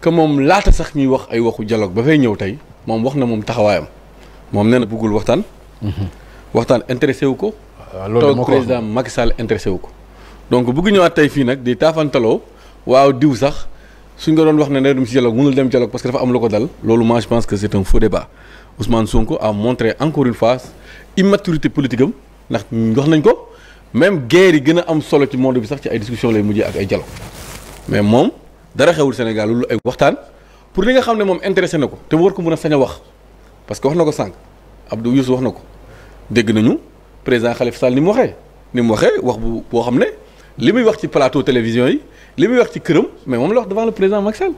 que moom laata sax ñuy wax ay waxu dialogue ba fay ñëw tey moom wax na moom taxawaayam moom nee na bëggul waxtaan. waxtaan intéressé wu ko. Ah, toog président Macky Sall intéressé wu ko. donc bëgg ñëwaat tey fii nag di taafantaloo waaw diw sax suñ ko doon wax ne ne dum ci dialogue mënul dem dialogue parce que dafa am lu ko dal. loolu moi je pense que c'est un faux débat Ousmane Sonko a montré encore une fois immaturité politique ndax wax nañ ko même guerre yi gën a am solo ci monde bi sax ci ay discussion lay mujjee ak ay dialogue mais moom. dara xewul Sénégal loolu ay waxtaan pour li nga xam ne moom intéressé na ko te war ko mën a sañ a wax parce que wax na ko sànq Abdou Youssou wax na ko dégg nañu président Khalifa Sall ni mu waxee ni mu waxee wax bu boo xam ne li muy wax ci plateau télévision yi li muy wax ci këram mais moom la wax devant le président Macky Sall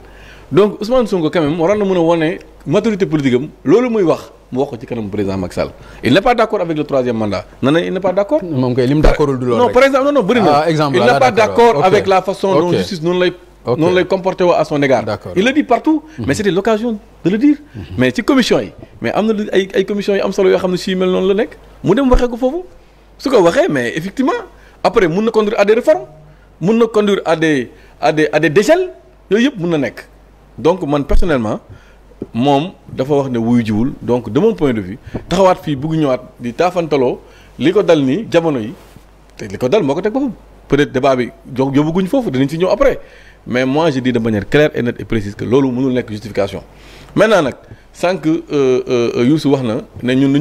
donc Ousmane Sonko quand même waroon na mën a wane maturité politique am loolu muy wax mu wax ko ci kanam président Macky Sall il n' est pas d' non par ok noonu lay comporté woo à son égard. il le dit partout. mais c' était l' de le dire. Mhm. mais ci commission yi mais am na ay ay commission yi am solo yoo xam ne si mel noonu la nekk mu dem waxee ko foofu su ko waxee mais effectivement après mun na conduire à des mun na conduire à des à des yooyu yëpp mun na nekk donc man personnellement. moom dafa wax ne wuyu jiwul donc de mon point de vue taxawaat fii bugg ñëwaat di taafantaloo li ko dal nii jamono yi te li ko dal moo ko teg boppam peut-être débat bi donc yóbbuguñ foofu danañ ci ñëw après mais moi je dis de claire et nette et précise que loolu mënul nekk justification maintenant nag sànq euh, euh, euh, Youssou wax na ne ñun.